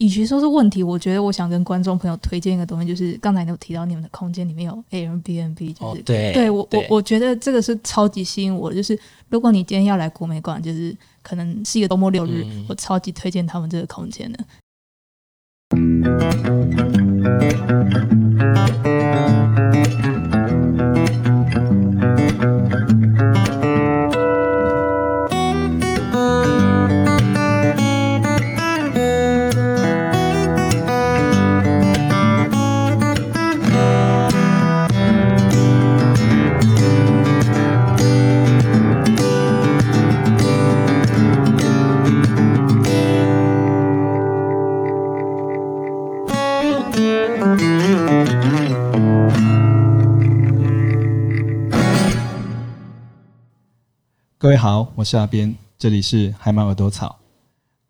與其說是問題，我覺得我想跟觀眾朋友推薦一個東西，就是剛才你有提到你們的空間裡面有 AirBnB，就是、哦、對，對我對我我覺得這個是超級吸引我的，就是如果你今天要來國美館，就是可能是一個周末六日，嗯、我超級推薦他們這個空間的。嗯各位好，我是阿邊，這裡是海馬耳朵草。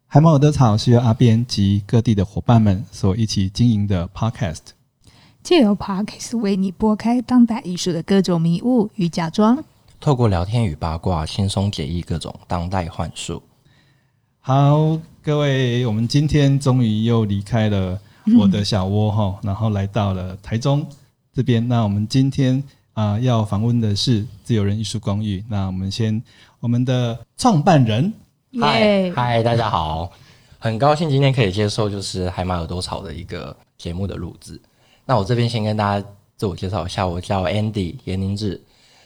海馬耳朵草是由阿邊及各地的夥伴們所一起經營的 Podcast，借由 Podcast 為你撥開當代藝術的各種迷霧與假裝，透過聊天與八卦輕鬆解譯各種當代幻術。好，各位，我們今天終於又離開了我的小窩哈，嗯、然後來到了台中這邊。那我們今天。啊、呃，要訪問的是自由人藝術公寓。那我們先，我們的創辦人，嗨嗨，Yeah，hi, hi, 大家好，很高興今天可以接受就是海馬有多草的一個節目的錄製。那我這邊先跟大家自我介紹一下，我叫 Andy 顏寧志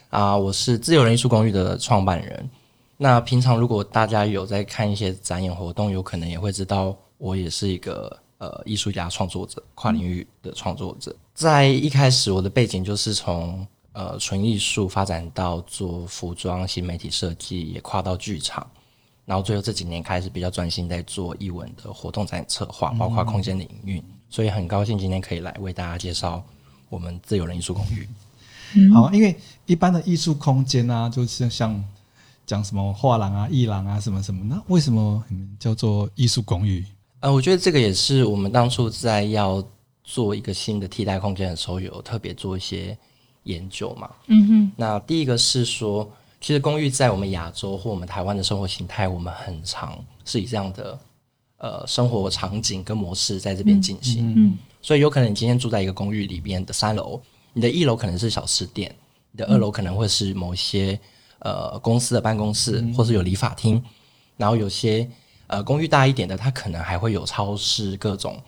啊、呃，我是自由人藝術公寓的創辦人。那平常如果大家有在看一些展演活動，有可能也會知道我也是一個呃藝術家創作者，跨領域的創作者。在一開始我的背景就是從呃，純藝術發展到做服裝、新媒體設計，也跨到劇場，然後最後這幾年開始比較專心在做藝文的活動展演策劃，包括空間的營運。所以很高興今天可以來為大家介紹我們自由人藝術公寓。嗯、好，因為一般的藝術空間啊，就是像講什麼畫廊啊、藝廊啊什麼什麼，那為什麼你叫做藝術公寓？呃，我覺得這個也是我們當初在要做一個新的替代空間的時候，有特別做一些。研究嘛，嗯哼，那第一個是說，其實公寓在我們亞洲或我們台灣的生活形態，我們很常是以這樣的呃生活場景跟模式在這邊進行，嗯哼，所以有可能你今天住在一個公寓裡邊的三樓，你的一樓可能是小吃店，你的二樓可能會是某些呃公司的辦公室，或是有理髮廳，嗯、哼然後有些呃公寓大一點的，它可能還會有超市，各種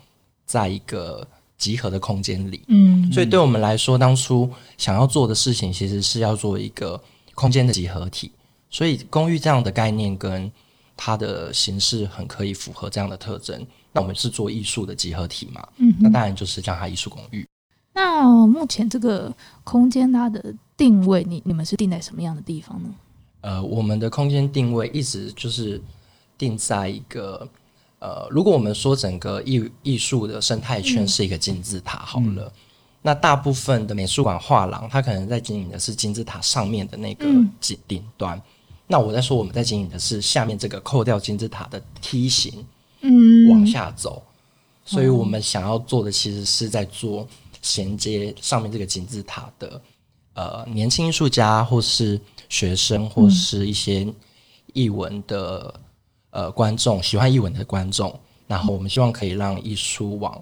在一個。集合的空間裡嗯，嗯，所以對我們來說，當初想要做的事情，其實是要做一個空間的集合體。所以公寓這樣的概念跟它的形式很可以符合這樣的特徵。那我們是做藝術的集合體嘛？嗯哼，那當然就是叫它藝術公寓。那目前這個空間它的定位，你你們是定在什麼樣的地方呢？呃，我們的空間定位一直就是定在一個。呃，如果我們說整個藝藝術的生態圈是一個金字塔好了，嗯嗯、那大部分的美術館畫廊，它可能在經營的是金字塔上面的那個頂頂端嗯、那我在說，我們在經營的是下面這個扣掉金字塔的梯形，嗯，往下走。嗯、所以我們想要做的，其實是在做銜接上面這個金字塔的，呃，年輕藝術家，或是學生，或是一些藝文的。呃，觀眾喜歡藝文的觀眾，嗯、然後我們希望可以讓藝術往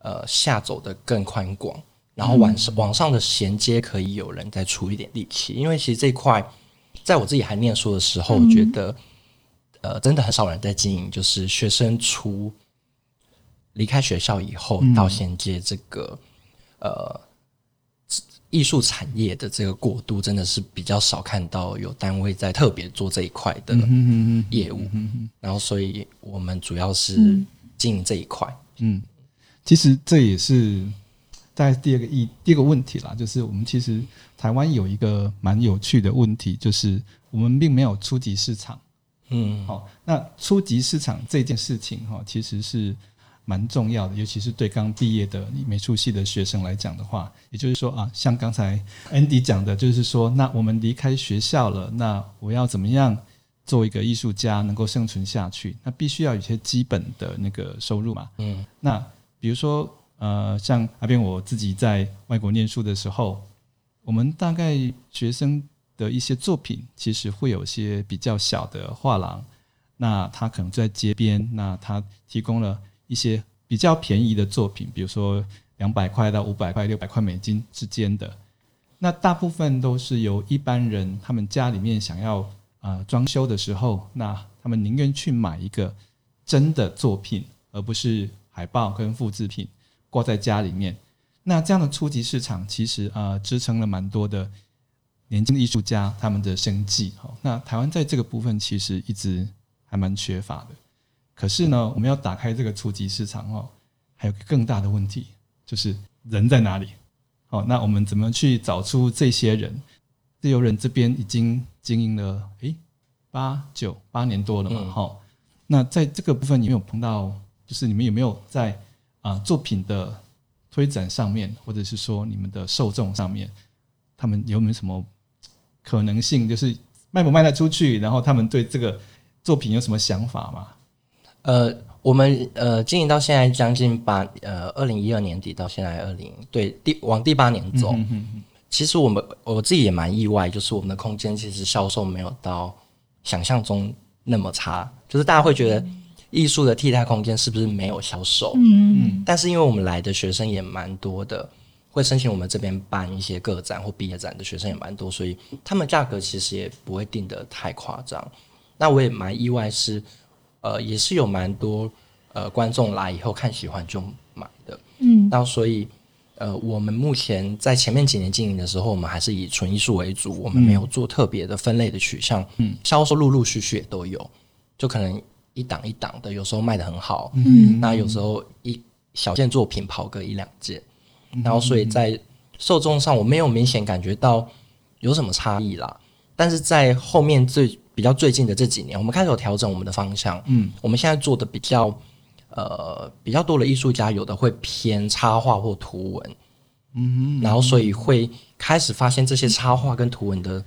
呃下走的更寬廣，然後往上、嗯、往上的銜接可以有人再出一點力氣，因為其實這一塊在我自己還念書的時候，嗯、我覺得呃真的很少有人在經營，就是學生出離開學校以後到銜接這個、嗯、呃。藝術產業的這個過渡真的是比較少看到有單位在特別做這一塊的業務，然後所以我們主要是經營這一塊、嗯嗯。嗯，其實這也是大概是第二個一第二個問題啦，就是我們其實台灣有一個蠻有趣的問題，就是我們並沒有初級市場。嗯，好、哦，那初級市場這件事情哈、哦，其實是。蠻重要的，尤其是對剛畢業的、你美術系的學生來講的話，也就是說啊，像剛才 Andy 講的，就是說，那我們離開學校了，那我要怎麼樣做一個藝術家能夠生存下去？那必須要有些基本的那個收入嘛。嗯，那比如說呃，像阿斌我自己在外國念書的時候，我們大概學生的一些作品，其實會有一些比較小的畫廊，那他可能就在街邊，那他提供了。一些比較便宜的作品，比如說兩百塊到五百塊、六百塊美金之間的，那大部分都是由一般人他們家裡面想要啊、呃、裝修的時候，那他們寧願去買一個真的作品，而不是海報跟複製品掛在家裡面。那這樣的初級市場其實啊、呃、支撐了蠻多的年輕藝術家他們的生計。那台灣在這個部分其實一直還蠻缺乏的。可是呢，我們要打開這個初級市場哦，還有個更大的問題就是人在哪裡？好、哦，那我們怎麼去找出這些人？自由人這邊已經經營了誒，八九八年多了嘛，好、嗯，那在這個部分有沒有碰到？就是你們有沒有在啊、呃、作品的推展上面，或者是說你們的受眾上面，他們有沒有什麼可能性？就是賣不賣得出去？然後他們對這個作品有什麼想法嗎？呃，我們呃經營到現在將近八呃，二零一二年底到現在二零對第往第八年走，嗯、哼哼哼。其實我們我自己也蠻意外，就是我們的空間其實銷售沒有到想象中那麼差，就是大家會覺得藝術的替代空間是不是沒有銷售？嗯哼哼。但是因為我們來的學生也蠻多的，會申請我們這邊辦一些個展或畢業展的學生也蠻多，所以他們價格其實也不會定得太誇張。那我也蠻意外是。呃，也是有蠻多呃觀眾來以後看喜歡就買的。嗯，那所以呃我們目前在前面幾年經營的時候，我們還是以純藝術為主，我們沒有做特別的分類的取向，嗯，銷售陸陸續續也都有，就可能一檔一檔的，有時候賣得很好，嗯，那有時候一小件作品跑個一兩件，然後所以在受眾上我沒有明顯感覺到有什麼差異啦，但是在後面最，比較最近的這幾年，我們開始有調整我們的方向。嗯，我們現在做的比較呃比較多的藝術家，有的會偏插畫或圖文，嗯哼嗯哼，然後所以會開始發現這些插畫跟圖文的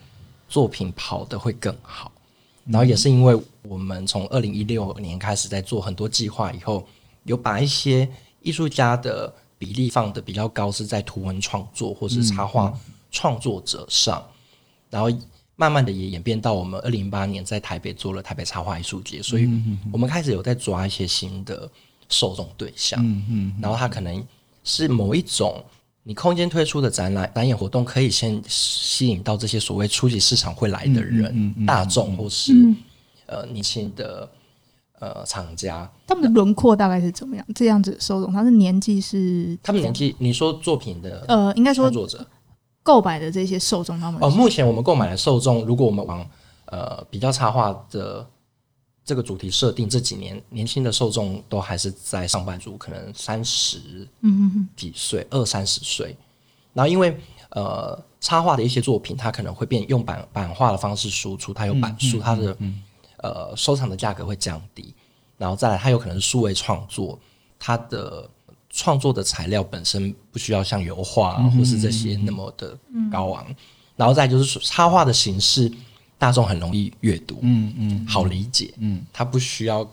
作品跑得會更好。嗯哼。然後也是因為我們從二零一六年開始在做很多計劃以後，有把一些藝術家的比例放的比較高，是在圖文創作或是插畫創作者上，嗯哼。然後。慢慢的也演變到我們二零一八年在台北做了台北插畫藝術節，所以我們開始有在抓一些新的受眾對象。嗯嗯，然後他可能是某一種你空間推出的展覽、展演活動，可以先吸引到這些所謂初級市場會來的人，嗯嗯嗯、大眾或是年，嗯、呃年輕的呃廠家。他們的輪廓大概是怎麼樣？這樣子，受眾，他的年紀是？他們年紀？你說作品的作？呃，應該說作者。購買的這些受眾，他們是哦，目前我們購買的受眾，如果我們往呃比較插畫的這個主題設定，這幾年年輕的受眾都還是在上班族，可能三十嗯嗯幾歲，二三十歲。然後因為呃插畫的一些作品，它可能會變用版版畫的方式輸出，它有版數，它的、嗯嗯嗯、呃收藏的價格會降低。然後再來，它有可能是數位創作，它的。創作的材料本身不需要像油畫、啊嗯嗯嗯嗯、或是這些那麼的高昂，嗯、然後再就是插畫的形式，大眾很容易閱讀，嗯，嗯嗯，好理解，嗯，它不需要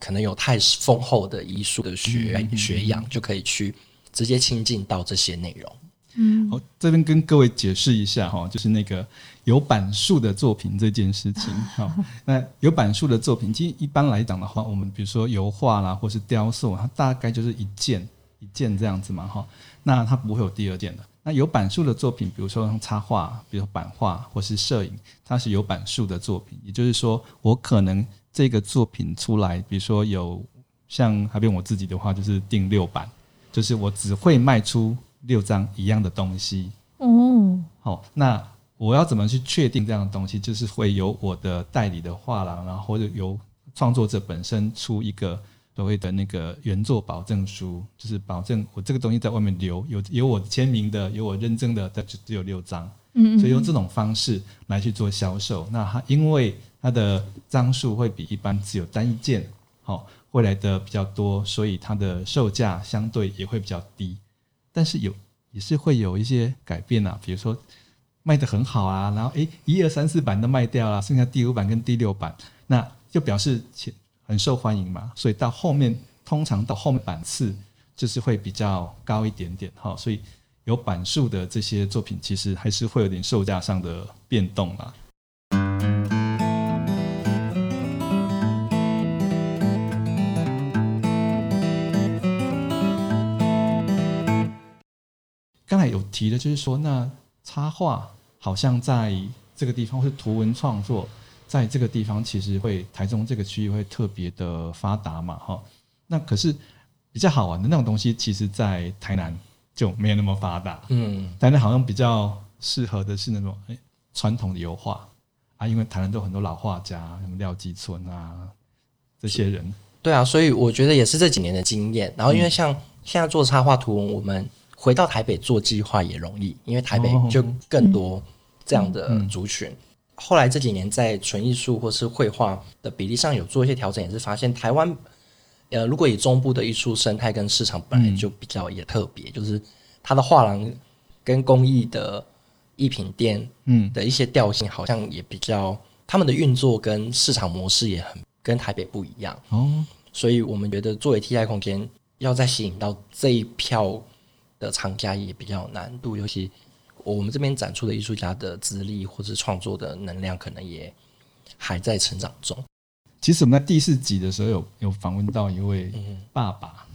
可能有太豐厚的藝術的學嗯嗯嗯嗯學養就可以去直接親近到這些內容，嗯，好，這邊跟各位解釋一下哈，就是那個。有版數的作品這件事情，哦，那有版數的作品，其實一般來講的話，我們比如說油畫啦，或是雕塑，它大概就是一件一件這樣子嘛，哈，那它不會有第二件的。那有版數的作品，比如說像插畫，比如說版畫或是攝影，它是有版數的作品，也就是說，我可能這個作品出來，比如說有像還有我自己的話，就是定六版，就是我只會賣出六張一樣的東西。哦，好，那。我要怎麼去確定這樣的東西？就是會有我的代理的畫廊，然後或者由創作者本身出一個所謂的那個原作保證書，就是保證我這個東西在外面留有有我簽名的，有我認證的，但只只有六張。嗯，所以用這種方式來去做銷售。嗯嗯，那它因為它的張數會比一般只有單一件好會、哦、來的比較多，所以它的售價相對也會比較低。但是有也是會有一些改變啊，比如說。賣得很好啊，然後哎，一二三四版都賣掉了，剩下第五版跟第六版，那就表示前很受歡迎嘛，所以到後面通常到後面版次就是會比較高一點點哈，所以有版數的這些作品其實還是會有點售價上的變動啦。剛才有提的就是說那插畫，好像在這個地方，是圖文創作，在這個地方其實會台中這個區域會特別的發達嘛，哈。那可是比較好玩的那種東西，其實在台南就沒有那麼發達。嗯，台南好像比較適合的是那種欸、傳統的油畫啊，因為台南都有很多老畫家，什麼廖繼春啊這些人。對啊，所以我覺得也是這幾年的經驗。然後因為像現在做插畫圖文，嗯、我們回到台北做計劃也容易，因為台北就更多、嗯。嗯這樣的族群，嗯嗯、後來這幾年在純藝術或是繪畫的比例上有做一些調整，也是發現台灣，呃，如果以中部的藝術生態跟市場本來就比較也特別，嗯、就是它的畫廊跟工藝的藝品店，嗯，的一些調性好像也比較，他們的運作跟市場模式也很跟台北不一樣，哦，所以我們覺得作為替代空間，要再吸引到這一票的廠家也比較有難度，尤其。我們這邊展出的藝術家的資歷或者創作的能量，可能也還在成長中。其實我們在第四集的時候有，有有訪問到一位爸爸，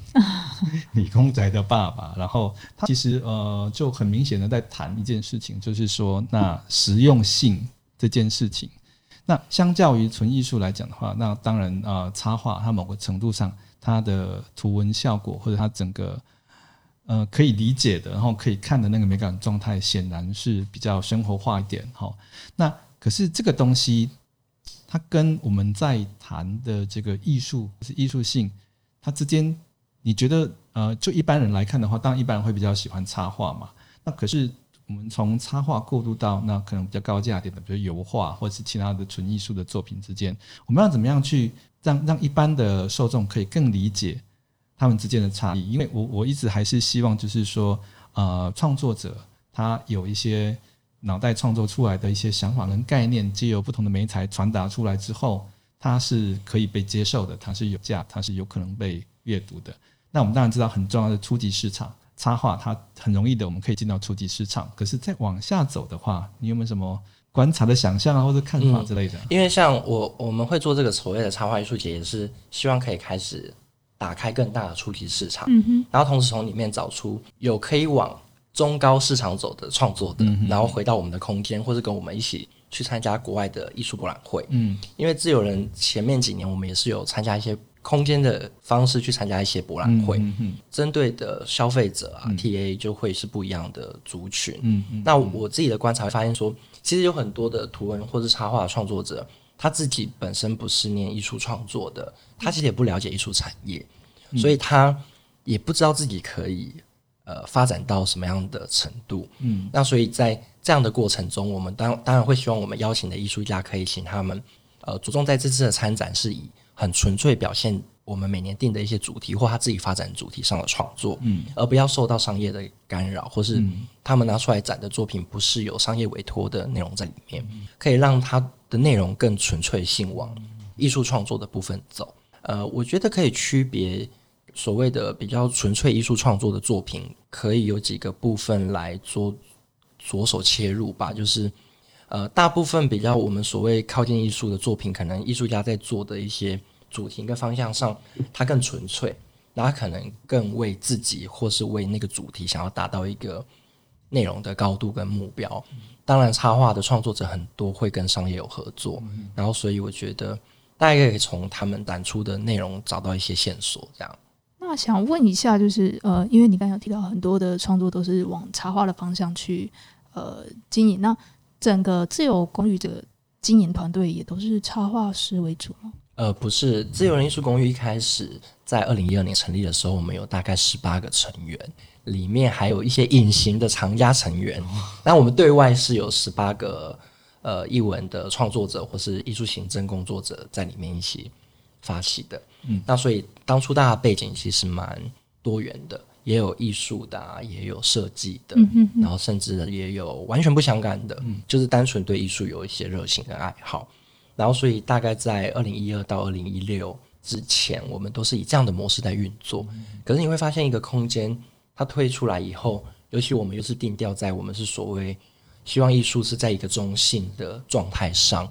李公、嗯、 仔的爸爸，然後他其實呃，就很明顯的在談一件事情，就是說那實用性這件事情。那相較於純藝術來講的話，那當然啊、呃，插畫它某個程度上，它的圖文效果或者它整個。呃，可以理解的，然後可以看的那個美感狀態，顯然是比較生活化一點哈、哦。那可是這個東西，它跟我們在談的這個藝術是藝術性，它之間你覺得呃，就一般人來看的話，當然一般人會比較喜歡插畫嘛。那可是我們從插畫過渡到那可能比較高價點的，比如油畫或是其他的純藝術的作品之間，我們要怎麼樣去讓讓一般的受眾可以更理解？他們之間的差異，因為我我一直還是希望，就是說，呃，創作者他有一些腦袋創作出來的一些想法跟概念，借由不同的媒材傳達出來之後，它是可以被接受的，它是有價，它是有可能被閱讀的。那我們當然知道很重要的初級市場，插畫它很容易的，我們可以進到初級市場。可是再往下走的話，你有沒有什麼觀察的想象啊，或者看法之類的、嗯？因為像我，我們會做這個所謂的插畫藝術節，也是希望可以開始。打開更大的初級市場，嗯、哼然後同時從裡面找出有可以往中高市場走的創作的。嗯、哼然後回到我們的空間，或是跟我們一起去參加國外的藝術博覽會，嗯，因為自由人前面幾年我們也是有參加一些空間的方式去參加一些博覽會，嗯哼，針對的消費者啊、嗯、，TA 就會是不一樣的族群，嗯嗯哼，那我自己的觀察會發現說，其實有很多的圖文或者插畫的創作者，他自己本身不是念藝術創作的。他其實也不了解藝術產業，嗯，所以他也不知道自己可以呃發展到什麼樣的程度。嗯，那所以在這樣的過程中，我們當當然會希望我們邀請的藝術家可以請他們呃着重在這次的參展是以很純粹表現我們每年定的一些主題或他自己發展主題上的創作，嗯，而不要受到商業的干擾，或是他們拿出來展的作品不是有商業委託的內容在裡面，可以讓他的內容更純粹性往藝術創作的部分走。呃，我覺得可以區別所謂的比較純粹藝術創作的作品，可以有幾個部分來做着手切入吧。就是呃，大部分比較我們所謂靠近藝術的作品，可能藝術家在做的一些主題跟方向上，它更純粹，它可能更為自己或是為那個主題想要達到一個內容的高度跟目標。當然，插畫的創作者很多會跟商業有合作，然後所以我覺得。大概可以從他們展出的內容找到一些線索，這樣。那想問一下，就是呃，因為你剛才有提到很多的創作都是往插畫的方向去呃經營，那整個自由公寓的經營團隊也都是插畫師為主嗎？呃，不是，自由人藝術公寓一開始在二零一二年成立的時候，我們有大概十八個成員，裡面還有一些隱形的藏家成員。那、嗯、我們對外是有十八個。呃，藝文的創作者或是藝術行政工作者在裡面一起發起的，嗯，那所以當初大家背景其實蠻多元的，也有藝術的、啊，也有設計的，嗯哼哼，然後甚至也有完全不相干的，嗯、就是單純對藝術有一些熱情和愛好。然後所以大概在二零一二到二零一六之前，我們都是以這樣的模式在運作。嗯、可是你會發現，一個空間它推出來以後，尤其我們又是定調在我們是所謂。希望藝術是在一個中性的狀態上，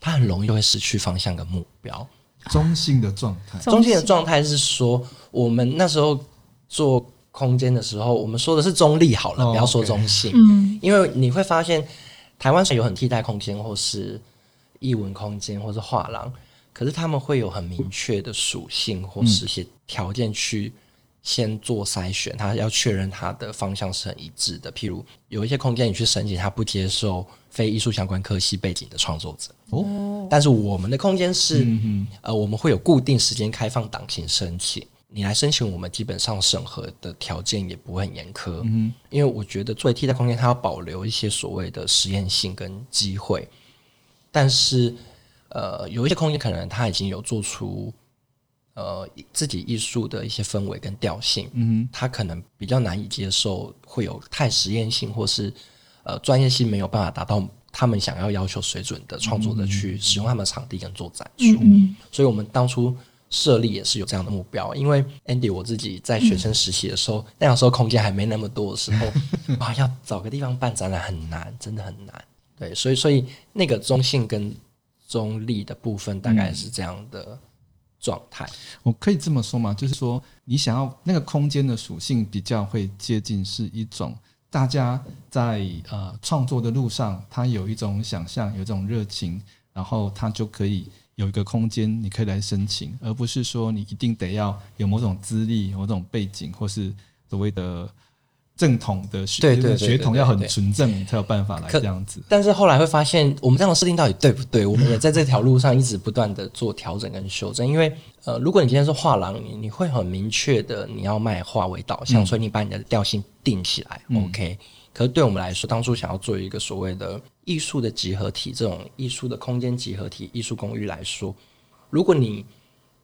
它很容易會失去方向跟目標。啊，中性的狀態，中性，中性的狀態是說，我們那時候做空間的時候，我們說的是中立好了，不要說中性，哦 okay 嗯、因為你會發現，台灣是有很替代空間，或是藝文空間，或是畫廊，可是他們會有很明確的屬性，嗯、或是一些條件去，先做篩選，他要確認他的方向是很一致的。譬如，有一些空間你去申請，他不接受非藝術相關科系背景的創作者哦。但是我們的空間是，嗯、哼呃，我們會有固定時間開放檔期申請，你來申請，我們基本上審核的條件也不會很嚴苛。嗯哼，因為我覺得作為替代空間，它要保留一些所謂的實驗性跟機會。但是，呃，有一些空間可能它已經有做出。呃，自己藝術的一些氛圍跟調性，嗯哼，他可能比較難以接受，會有太實驗性或是呃專業性沒有辦法達到他們想要要求水準的創作者去使用他們的場地跟做展出，嗯、哼所以我們當初設立也是有這樣的目標。嗯、哼因為 Andy 我自己在學生實習的時候，嗯、那個時候空間還沒那麼多的時候， 啊，要找個地方辦展覽很難，真的很難。對，所以所以那個中性跟中立的部分大概是這樣的。嗯狀態，我可以這麼說嗎？就是說，你想要那個空間的屬性比較會接近，是一種大家在呃創作的路上，他有一種想象，有一種熱情，然後他就可以有一個空間，你可以來申請，而不是說你一定得要有某種資歷、某種背景，或是所謂的。正統的血統，對對，血統要很純正才有辦法來這樣子，但是後來會發現我們這樣的設定到底對不對？我們也在這條路上一直不斷的做調整跟修正。 因為呃，如果你今天是畫廊，你，你會很明確的你要賣畫為導向，所以、嗯、你把你的調性定起來、嗯、OK。可是對我們來說，當初想要做一個所謂的藝術的集合體，這種藝術的空間集合體、藝術公寓來說，如果你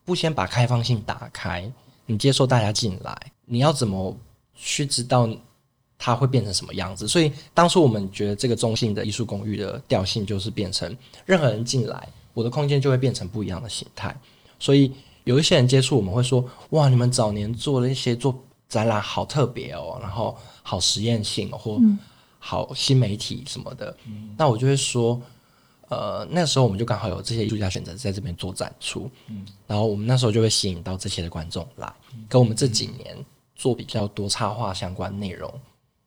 不先把開放性打開，你接受大家進來，你要怎麼？去知道它會變成什麼樣子，所以當初我們覺得這個中性的藝術公寓的調性就是變成任何人進來，我的空間就會變成不一樣的形態。所以有一些人接觸，我們會說：“哇，你們早年做了一些做展覽，好特別哦，然後好實驗性或好新媒體什麼的。”那我就會說：“呃，那時候我們就剛好有這些藝術家選擇在這邊做展出，然後我們那時候就會吸引到這些的觀眾來，跟我們這幾年。”做比較多插畫相關內容，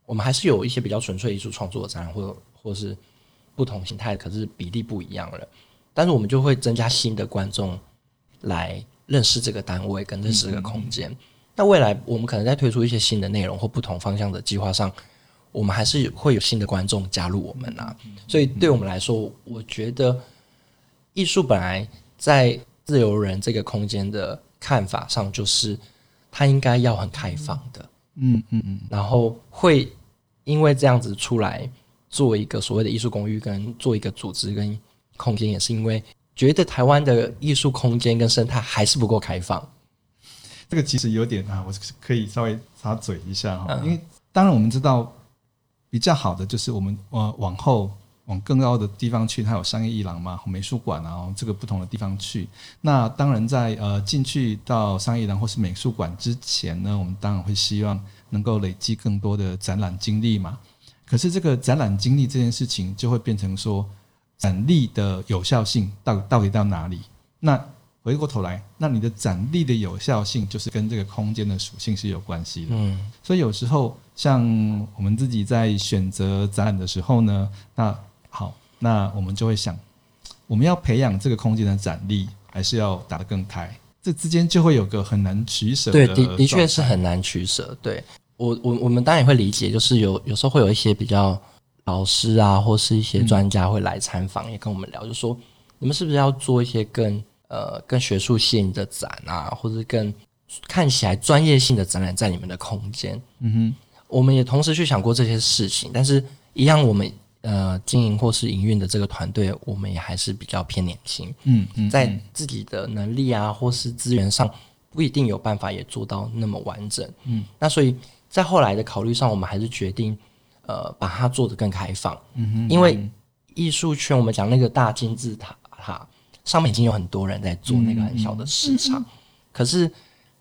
我們還是有一些比較純粹藝術創作的展覽，或或是不同形態，可是比例不一樣了。但是我們就會增加新的觀眾來認識這個單位，跟認識這個空間。嗯嗯嗯。那未來我們可能在推出一些新的內容或不同方向的計劃上，我們還是會有新的觀眾加入我們啊。所以對我們來說，我覺得藝術本來在自由人這個空間的看法上就是。他應該要很開放的，嗯嗯嗯，嗯嗯，然後會因為這樣子出來做一個所謂的藝術公寓，跟做一個組織跟空間，也是因為覺得台灣的藝術空間跟生態還是不夠開放。這個其實有點啊，我可以稍微插嘴一下啊。哦，嗯，因為當然我們知道比較好的就是我們呃往後。往更高的地方去，它有商業藝廊嘛，美術館啊，這個不同的地方去。那當然在呃進去到商業藝廊或是美術館之前呢，我們當然會希望能夠累積更多的展覽經歷嘛。可是這個展覽經歷這件事情，就會變成說展歷的有效性到到底到哪裡？那回過頭來，那你的展歷的有效性就是跟這個空間的屬性是有關係的。嗯，所以有時候像我們自己在選擇展覽的時候呢，那好，那我們就會想，我們要培養這個空間的展力，還是要打得更開？這之間就會有個很難取舍。對，的，的確是很難取舍。對我，我我們當然也會理解，就是有有時候會有一些比較老師啊，或是一些專家會來參訪，也跟我們聊，嗯、就說你們是不是要做一些更呃更學術性的展啊，或是更看起來專業性的展覽在你們的空間？嗯哼，我們也同時去想過這些事情，但是一樣我們。呃，經營或是營運的這個團隊，我們也還是比較偏年輕，嗯，嗯，嗯，在自己的能力啊或是資源上，不一定有辦法也做到那麼完整，嗯，那所以在後來的考慮上，我們還是決定，呃，把它做得更開放，嗯，嗯，因為藝術圈我們講那個大金字塔哈，上面已經有很多人在做那個很小的市場，嗯嗯嗯，可是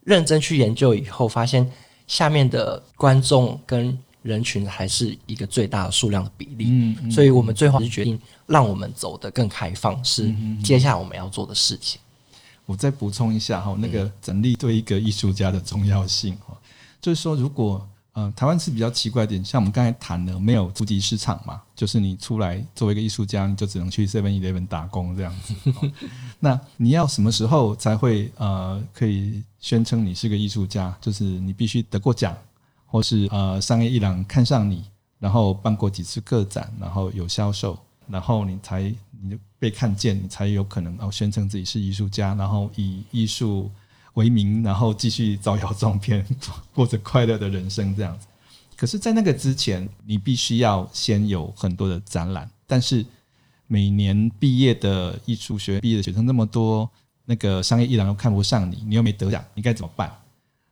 認真去研究以後，發現下面的觀眾跟。人群還是一個最大的數量的比例，所以我們最後還是決定讓我們走得更開放，是接下來我們要做的事情。我再補充一下哈、哦，那個整理對一個藝術家的重要性、哦、就是說如果、呃、台灣是比較奇怪一點，像我們剛才談的，沒有初級市場嘛，就是你出來作為一個藝術家，你就只能去 Seven Eleven 打工這樣子、哦。那你要什麼時候才會呃可以宣稱你是個藝術家？就是你必須得過獎。或是呃，商業藝廊看上你，然後辦過幾次個展，然後有銷售，然後你才你就被看見，你才有可能哦，宣稱自己是藝術家，然後以藝術為名，然後繼續招搖撞騙，過着快樂的人生這樣子。可是，在那個之前，你必須要先有很多的展覽。但是每年畢業的藝術學畢業的學生那麼多，那個商業藝廊又看不上你，你又沒得獎，你該怎麼辦？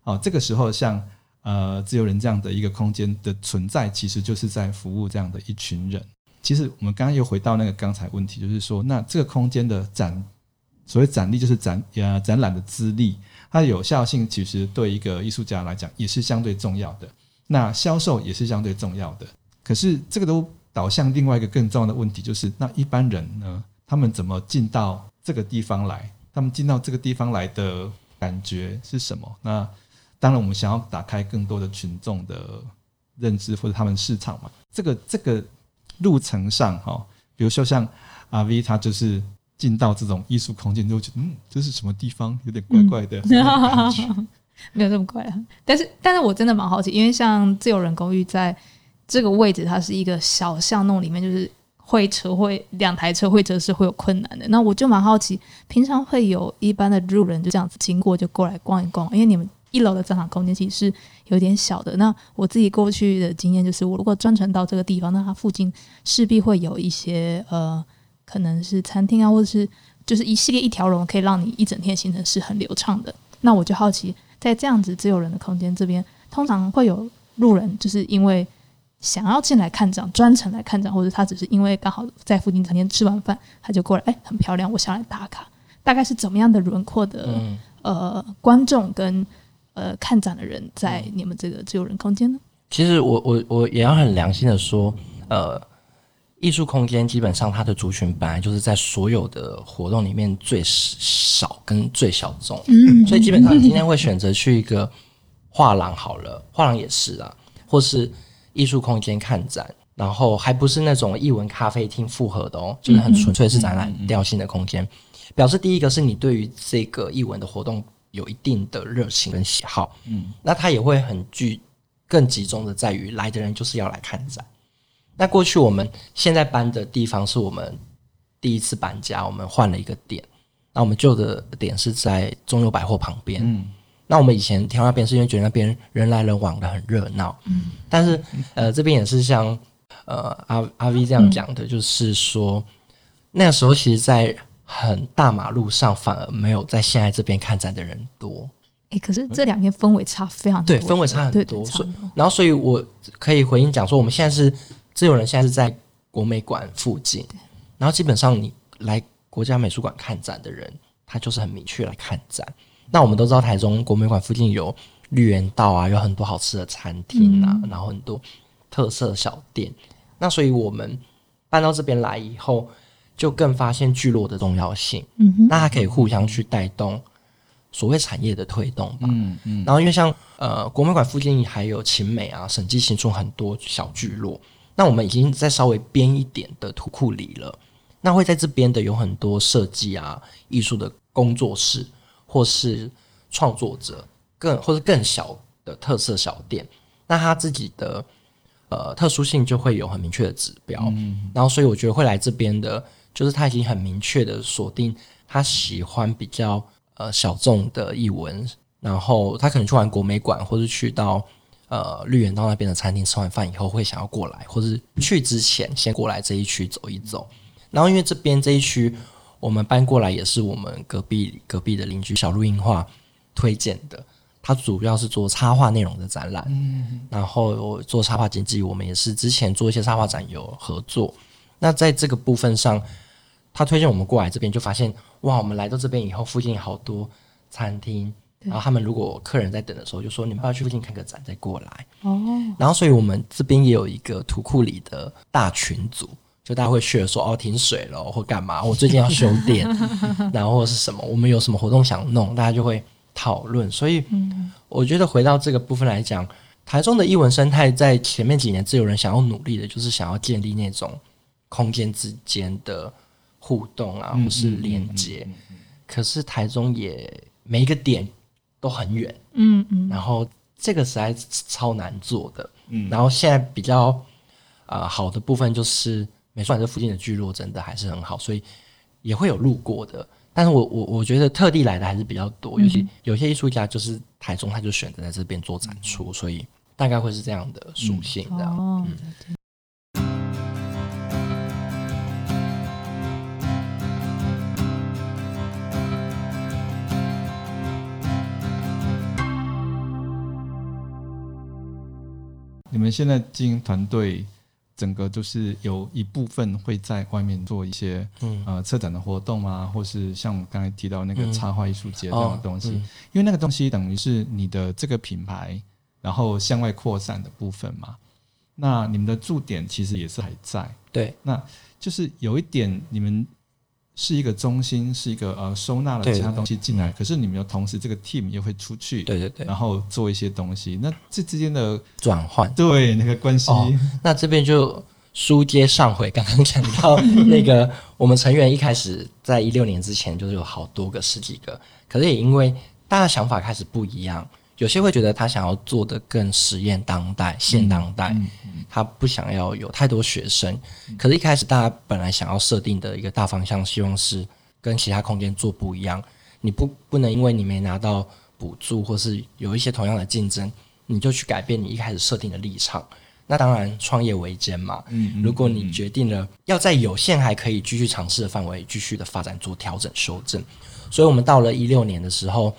哦，這個時候像，呃，自由人這樣的一個空間的存在，其實就是在服務這樣的一群人。其實我們剛剛又回到那個剛才問題，就是說，那這個空間的展，所謂展力就是展呃展覽的資歷，它的有效性其實對一個藝術家來講也是相對重要的。那銷售也是相對重要的。可是這個都導向另外一個更重要的問題，就是那一般人呢，他們怎麼進到這個地方來？他們進到這個地方來的感覺是什麼？那……當然，我們想要打開更多的群眾的認知或者他們市場嘛。這個這個路程上，哈，比如說像阿 V，他就是進到這種藝術空間，就覺得嗯，這是什麼地方？有點怪怪的。嗯、有 沒有這麼怪啊。但是，但是我真的蠻好奇，因為像自由人公寓在這個位置，它是一個小巷弄裡面，就是會車會兩台車會車是會有困難的。那我就蠻好奇，平常會有一般的路人就這樣子經過就過來逛一逛，因為你們。一樓的正常空間其實是有點小的。那我自己過去的經驗就是，我如果專程到這個地方，那它附近勢必會有一些呃，可能是餐廳啊，或者是就是一系列一條龍，可以讓你一整天行程是很流暢的。那我就好奇，在這樣子自由人的空間這邊，通常會有路人，就是因為想要進來看展，專程來看展，或者他只是因為剛好在附近餐廳吃完飯，他就過來，哎、欸，很漂亮，我想來打卡。大概是怎麼樣的輪廓的、嗯、呃觀眾跟呃，看展的人在你們這個自由人空間呢？其實我我我也要很良心的說，呃，藝術空間基本上它的族群本來就是在所有的活動裡面最少跟最小眾，嗯，所以基本上你今天會選擇去一個畫廊好了，畫廊也是啊，或是藝術空間看展，然後還不是那種藝文咖啡廳複合的哦，就是很純粹是展覽調性的空間，嗯，嗯，表示第一個是你對於這個藝文的活動。有一定的熱情跟喜好，嗯，那他也會很聚，更集中的在於來的人就是要來看展。那過去我們現在搬的地方是我們第一次搬家，我們換了一個點。那我們舊的點是在中友百貨旁邊，嗯，那我們以前挑那邊是因為覺得那邊人來人往的很熱鬧，嗯，但是呃這邊也是像呃阿阿 V 這樣講的，嗯，就是說那個時候其實在，在很大馬路上反而沒有在現在這邊看展的人多，欸，可是這兩天氛圍差非常多。嗯，對，氛圍差很多。多所以，然後，所以我可以回應講說，我們現在是自由人，現在是在國美館附近。對然後，基本上你來國家美術館看展的人，他就是很明確來看展。那我們都知道，台中國美館附近有綠園道啊，有很多好吃的餐廳啊，嗯，然後很多特色小店。那所以我們搬到這邊來以後。就更發現聚落的重要性，嗯、哼那它可以互相去帶動所謂產業的推動吧，嗯，嗯嗯。然後因為像呃國美館附近還有勤美啊、審計新村很多小聚落，那我們已經在稍微邊一點的圖庫裡了。那會在這邊的有很多設計啊、藝術的工作室或是創作者，更或是更小的特色小店，那他自己的呃特殊性就會有很明確的指標。嗯、然後所以我覺得會來這邊的。就是他已經很明確的鎖定他喜歡比較呃小眾的藝文，然後他可能去完國美館，或是去到呃綠園道那邊的餐廳吃完飯以後，會想要過來，或是去之前先過來這一區走一走。嗯、然後因為這邊這一區，我們搬過來也是我們隔壁隔壁的鄰居小路映畫推薦的，他主要是做插畫內容的展覽，嗯嗯嗯然後做插畫經紀，我們也是之前做一些插畫展有合作。那在這個部分上，他推薦我們過來這邊，就發現哇，我們來到這邊以後，附近有好多餐廳。對然後他們如果客人在等的時候，就說你們不要去附近看個展再過來。哦對。然後，所以我們這邊也有一個圖庫裡的大群組，就大家會 share 說哦停水了或幹嘛，我最近要修電’， 然後或是什麼，我們有什麼活動想弄，大家就會討論。所以我覺得回到這個部分來講，嗯、台中的藝文生態在前面幾年，自由人想要努力的就是想要建立那種。空間之間的互動啊，或是連接，可是台中也每一個點都很遠，嗯嗯，然後這個實在是超難做的，嗯，嗯，然後現在比較啊、呃、好的部分就是美術館這附近的聚落真的還是很好，所以也會有路過的，但是我我我覺得特地來的還是比較多，嗯嗯，尤其有些藝術家就是台中他就選擇在這邊做展出，嗯嗯，所以大概會是這樣的屬性這樣嗯。嗯哦你們現在經營團隊，整個就是有一部分會在外面做一些，嗯，呃，策展的活動啊，或是像我剛才提到那個插畫藝術節那種東西，嗯哦嗯、因為那個東西等於是你的這個品牌，然後向外擴散的部分嘛。那你們的駐點其實也是還在，對，那就是有一點你們。是一個中心，是一個呃收納了其他東西進來，對對對對，可是你們又同時這個 team 又會出去，對對對，然後做一些東西，那這之間的轉換，對那個關係。哦，那這邊就書接上回，剛剛講到那個我們成員一開始在一六年之前就是有好多個十幾個，可是也因為大家想法開始不一樣。有些會覺得他想要做的更實驗當代現當代，他不想要有太多學生。可是，一開始大家本來想要設定的一個大方向，希望是跟其他空間做不一樣。你不不能因為你沒拿到補助，或是有一些同樣的競爭，你就去改變你一開始設定的立場。那當然，創業維艱嘛。嗯，如果你決定了要在有限還可以繼續嘗試的範圍繼續的發展做調整修正，所以我們到了一六年的時候，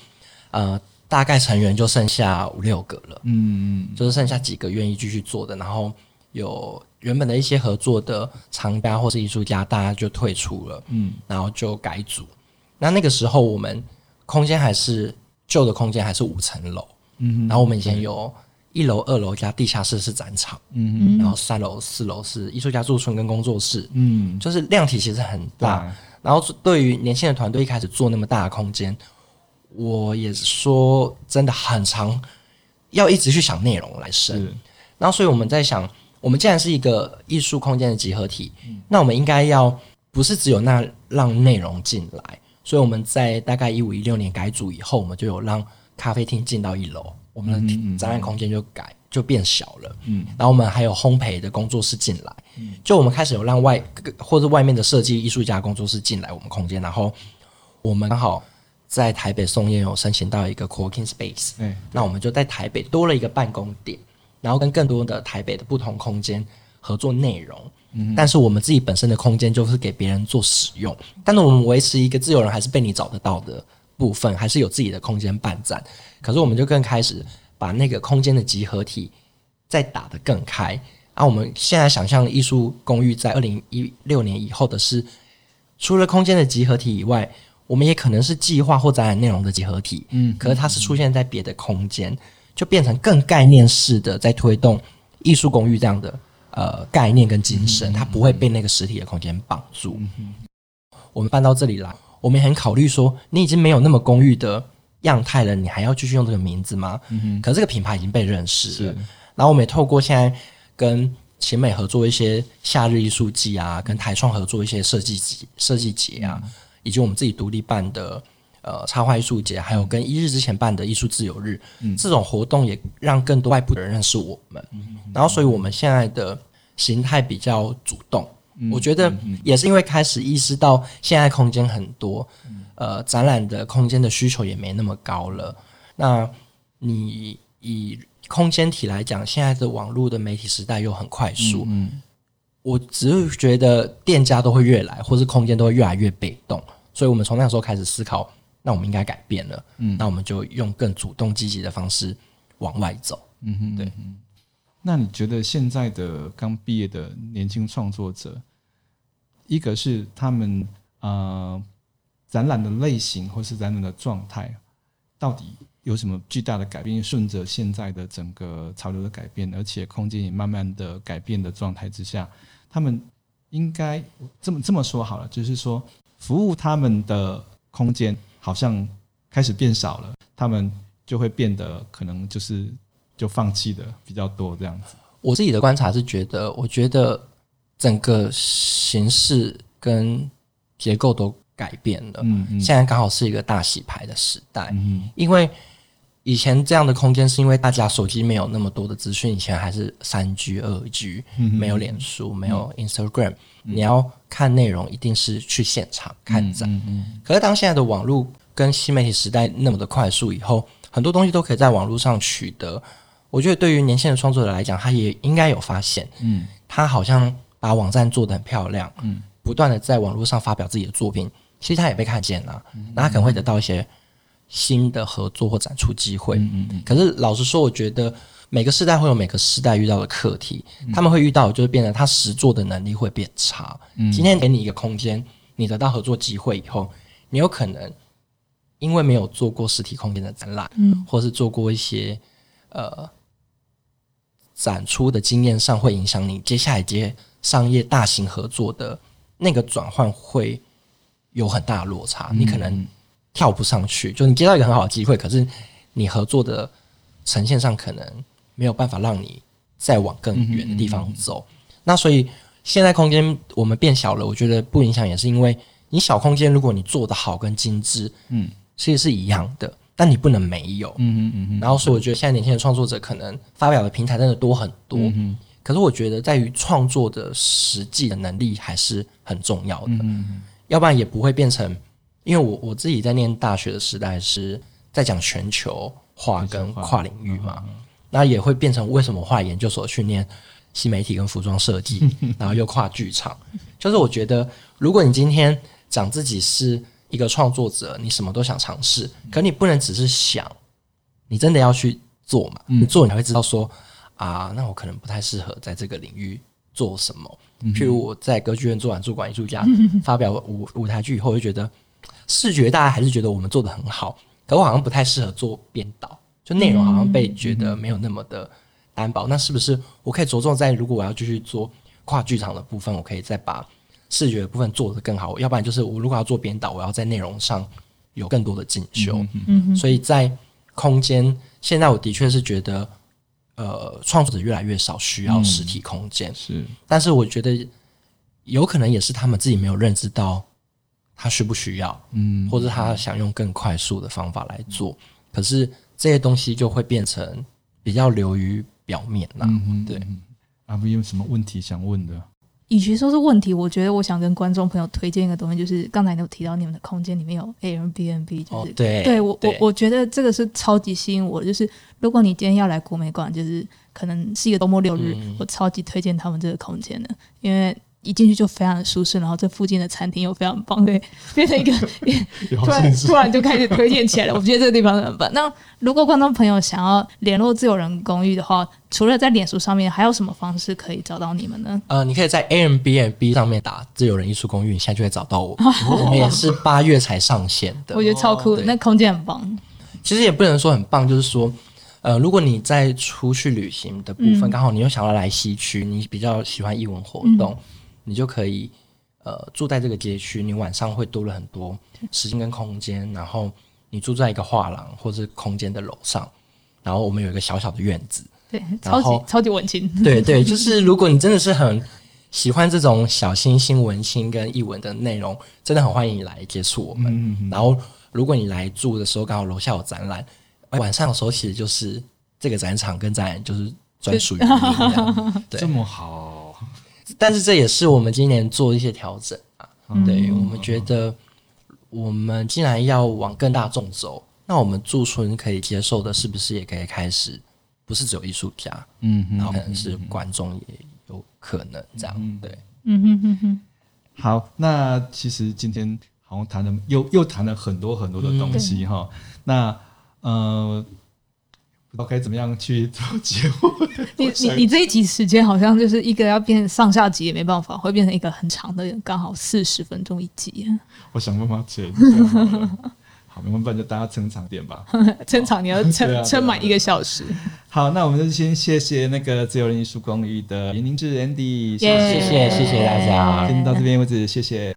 呃。大概成員就剩下五六個了，嗯，就是剩下幾個願意繼續做的，然後有原本的一些合作的藏家或是藝術家，大家就退出了，嗯，然後就改組。那那個時候我們空間還是舊的空間，還是五層樓，嗯哼，然後我們以前有一樓、對二樓加地下室是展場，嗯哼，然後三樓、四樓是藝術家駐村跟工作室，嗯，就是量體其實很大，啊、然後對於年輕的團隊一開始做那麼大的空間。我也說，真的很長，要一直去想內容來生。嗯、然後，所以我們在想，我們既然是一個藝術空間的集合體，嗯、那我們應該要不是只有那讓內容進來。所以我們在大概一五一六年改組以後，我們就有讓咖啡廳進到一樓，我們的展覽空間就改，嗯嗯嗯，就變小了。嗯，然後我們還有烘焙的工作室進來。嗯，就我們開始有讓外或者外面的設計藝術家工作室進來我們空間，然後我們剛好。在台北松菸有申請到一個 coworking space，嗯，那我們就在台北多了一個辦公點，然後跟更多的台北的不同空間合作內容。嗯，但是我們自己本身的空間就是給別人做使用，但是我們維持一個自由人還是被你找得到的部分，還是有自己的空間辦展。可是我們就更開始把那個空間的集合體再打得更開。啊，我們現在想象藝術公寓在二零一六年以後的是除了空間的集合體以外，我們也可能是計劃或展覽內容的結合體，嗯哼，可是它是出現在別的空間，就變成更概念式的，在推動藝術公寓這樣的、嗯、哼呃概念跟精神，嗯、哼它不會被那個實體的空間綁住。嗯、哼我們搬到這裡來，我們很考慮說，你已經沒有那麼公寓的樣態了，你還要繼續用這個名字嗎？嗯哼。可是這個品牌已經被認識是然後我們也透過現在跟前美合作一些夏日藝術季啊，跟台創合作一些設計節設計節啊。嗯以及我們自己獨立辦的呃插畫藝術節，嗯、還有跟一日之前辦的藝術自由日，嗯、這種活動也讓更多外部的人認識我們。嗯嗯嗯、然後，所以我們現在的形態比較主動，嗯、我覺得也是因為開始意識到現在空間很多，嗯嗯、呃，展覽的空間的需求也沒那麼高了。那你以空間體來講，現在的網絡的媒體時代又很快速。嗯嗯我只是覺得店家都會越來，或是空間都會越來越被動，所以我們從那時候開始思考，那我們應該改變了。嗯，那我們就用更主動積極的方式往外走。嗯哼哼，對。那你覺得現在的剛畢業的年輕創作者，一個是他們呃展覽的類型或是展覽的狀態到底？有什麼巨大的改變？順着現在的整個潮流的改變，而且空間也慢慢的改變的狀態之下，他們應該這麼這麼說好了，就是說服務他們的空間好像開始變少了，他們就會變得可能就是就放棄的比較多這樣子。我自己的觀察是覺得，我覺得整個形式跟結構都改變了。嗯嗯，現在剛好是一個大洗牌的時代，因為。以前這樣的空間是因為大家手機沒有那麼多的資訊，以前還是三 G、二 G，沒有臉書，沒有 Instagram，、嗯嗯、你要看內容一定是去現場看展。嗯嗯嗯、可是當現在的網絡跟新媒體時代那麼的快速以後，很多東西都可以在網絡上取得。我覺得對於年輕人創作者來講，他也應該有發現，嗯，他好像把網站做得很漂亮，嗯，不斷的在網絡上發表自己的作品，其實他也被看見了，那他可能會得到一些。新的合作或展出機會，可是老實說，我覺得每個時代會有每個時代遇到的課題，他們會遇到，就是變成他實作的能力會變差。今天給你一個空間，你得到合作機會以後，你有可能因為沒有做過實體空間的展覽，嗯，或是做過一些呃展出的經驗上，會影響你接下來接商業大型合作的那個轉換會有很大的落差，你可能。跳不上去，就你接到一個很好的機會，可是你合作的呈現上可能沒有辦法讓你再往更遠的地方走。嗯哼嗯哼。那所以現在空間我們變小了，我覺得不影響，也是因為你小空間如果你做得好跟精緻，嗯，其實是一樣的，但你不能沒有，嗯哼嗯嗯。然後所以我覺得現在年輕的創作者可能發表的平台真的多很多，嗯哼，可是我覺得在於創作的實際的能力還是很重要的，嗯哼，要不然也不會變成，因為我我自己在念大學的時代是在講全球化跟跨領域嘛，那也會變成為什麼跨研究所去念新媒體跟服裝設計，然後又跨劇場， 就是我覺得如果你今天講自己是一個創作者，你什麼都想嘗試，可你不能只是想，你真的要去做嘛。你做你才會知道說啊，那我可能不太適合在這個領域做什麼。譬如我在歌劇院做完駐館藝術家，發表舞舞台劇以後，我就覺得。視覺大家還是覺得我們做得很好，可我好，好像不太適合做編導，就內容好像被覺得沒有那麼的單薄。嗯、那是不是我可以着重在？如果我要繼續做跨劇場的部分，我可以再把視覺的部分做得更好。要不然就是我如果要做編導，我要在內容上有更多的進修。嗯嗯嗯、所以在空間現在我的確是覺得，呃，創作者越來越少需要實體空間、嗯、是，但是我覺得有可能也是他們自己沒有認知到。他需不需要？嗯，或者他想用更快速的方法來做，嗯、可是這些東西就會變成比較流於表面了。嗯哼嗯哼對，阿 B 有什麼問題想問的？與其說是問題，我覺得我想跟觀眾朋友推薦一個東西，就是剛才有提到你們的空間裡面有 AirBnB，就是、哦、對，對我我對我覺得這個是超級吸引我的，就是如果你今天要來國美館，就是可能是一個周末六日，對我超級推薦他們這個空間的，因為。一進去就非常的舒適，然後這附近的餐廳又非常棒，對，變成一個 有也突然有突然就開始推薦起來了。 我覺得這個地方很棒。那如果觀眾朋友想要聯絡自由人公寓的話，除了在臉書上面，還有什麼方式可以找到你們呢？呃，你可以在 Airbnb 上面打“自由人藝術公寓”，你現在就會找到我。我們也是八月才上線的。我覺得超酷，哦、對那空間很棒。其實也不能說很棒，就是說，呃，如果你在出去旅行的部分，剛、嗯、好你又想要來西區，你比較喜歡藝文活動。嗯你就可以，呃，住在這個街區，你晚上會多了很多時間跟空間。對然後你住在一個畫廊或是空間的樓上，然後我們有一個小小的院子，對後超，超級超級文青。對對，就是如果你真的是很喜歡這種小清新、新文青跟藝文的內容，真的很歡迎你來接觸我們。嗯、哼然後如果你來住的時候，剛好樓下有展覽，晚上的時候其實就是這個展場跟展覽就是專屬於你，對， 對，這麼好。但是這也是我們今年做一些調整啊，嗯、對，我們覺得，我們既然要往更大眾走，那我們駐村可以接受的，是不是也可以開始？不是只有藝術家，嗯哼，然後可能是觀眾也有可能這樣，嗯、哼對，嗯哼哼哼。好，那其實今天好像談了又又談了很多很多的東西哈，那嗯。OK，怎麼樣去做節目？你你想你這一集時間好像就是一個要變上下集也沒辦法，會變成一個很長的，人剛好四十分鐘一集。我想辦法剪。啊，好， 好，沒辦法就大家撐長點吧。撐長 你要撐撐滿一個小時， 啊啊。好，那我們就先謝謝那個自由人藝術公寓的林志 Andy，謝謝 Yeah 謝，謝，謝謝大家，今天到這邊為止，謝謝。